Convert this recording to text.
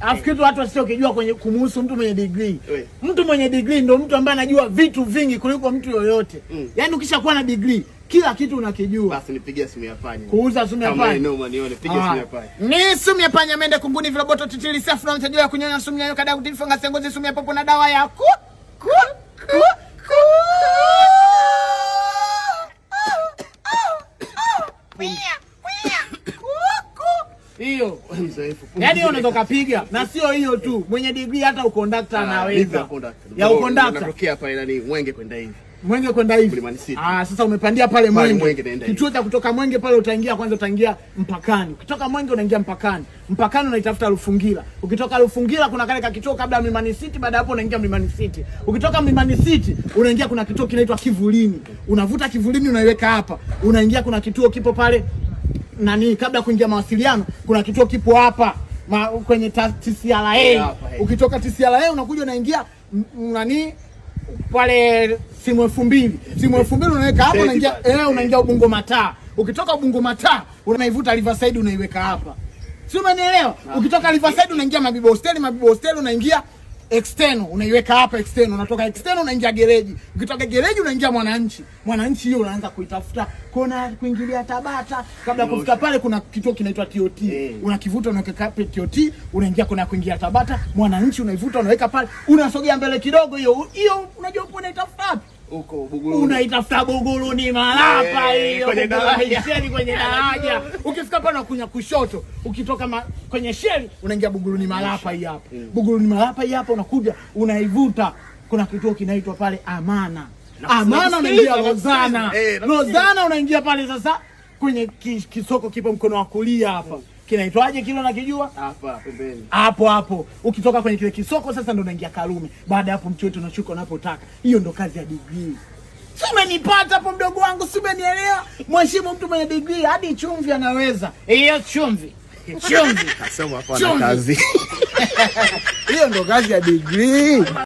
Alafu kitu watu wasichokijua kwenye kumuhusu mtu mwenye degree. Mtu mwenye degree ndo mtu ambaye anajua vitu vingi kuliko mtu yoyote. Mm. Yaani ukishakuwa na degree kila kitu unakijua. Basi nipigie simu ya panya. Kuuza simu ya panya. Kama inoma nione pigia ah. simu ya panya. Ni simu ya panya mende kunguni viroboto titili safi na mtajua kunyonya simu ya kadhaa tifunga sengozi simu ya popo na dawa ya kuku. hiyo yaani, unaweza kupiga na sio hiyo tu, mwenye degree hata ukondakta ah, anaweza ya ukondakta Mwenge kwenda hivi Mwenge kwenda hivi. Ah, sasa umepandia pale Mwenge, Mwenge kituo cha kutoka Mwenge pale utaingia kwanza, utaingia mpakani. Ukitoka Mwenge unaingia mpakani, mpakani unaitafuta Lufungira. Ukitoka Lufungira kuna kale kituo kabla ya Mlimani City, baada hapo unaingia Mlimani City. Ukitoka Mlimani City unaingia kuna kituo kinaitwa Kivulini, unavuta Kivulini unaiweka hapa, unaingia kuna kituo kipo pale nani, kabla kuingia mawasiliano, kuna kituo kipo hapa ma, kwenye TCRA hey. Ukitoka TCRA unakuja unaingia nani pale simu elfu mbili simu elfu mbili unaweka hapa, unaingia eh, unaingia Ubungo mataa. Ukitoka Ubungo mataa unaivuta Riverside unaiweka hapa, si umenielewa? Ukitoka Riverside unaingia Mabibo hosteli, Mabibo hosteli unaingia external unaiweka hapa external, unatoka external unaingia gereji, ukitoka gereji unaingia Mwananchi. Mwananchi hiyo unaanza kuitafuta kona, kuingilia Tabata, kabla kufika pale kuna kituo kinaitwa TOT hey. Eh. Unakivuta unaweka pale TOT, unaingia kona kuingia Tabata. Mwananchi unaivuta unaweka pale, unasogea mbele kidogo, hiyo hiyo unajua upo unaitafuta wapi? huko Buguruni. Unaitafuta Buguruni marapa eh, hiyo kwenye daraja. Sheli kwenye daraja. Ukifika hapa unakunya kushoto, ukitoka ma, kwenye sheli unaingia Buguruni marapa hii hapa. Buguruni Malapa hii hapa unakuja unaivuta. Kuna kituo kinaitwa pale Amana. Amana unaingia Lozana. Eh, Lozana eh, unaingia pale sasa kwenye kisoko kipo mkono wa kulia hapa kinaitwaje kile unakijua? Hapa pembeni. Hapo hapo. Ukitoka kwenye kile kisoko sasa ndo unaingia Karume. Baada ya hapo wetu unashuka unapotaka. Hiyo ndo kazi ya degree. Si umenipata hapo mdogo wangu, si umenielewa? Mheshimu mtu mwenye degree hadi chumvi anaweza. Hiyo chumvi. Chumvi. Kasema hapo ana kazi. Hiyo ndo kazi ya degree.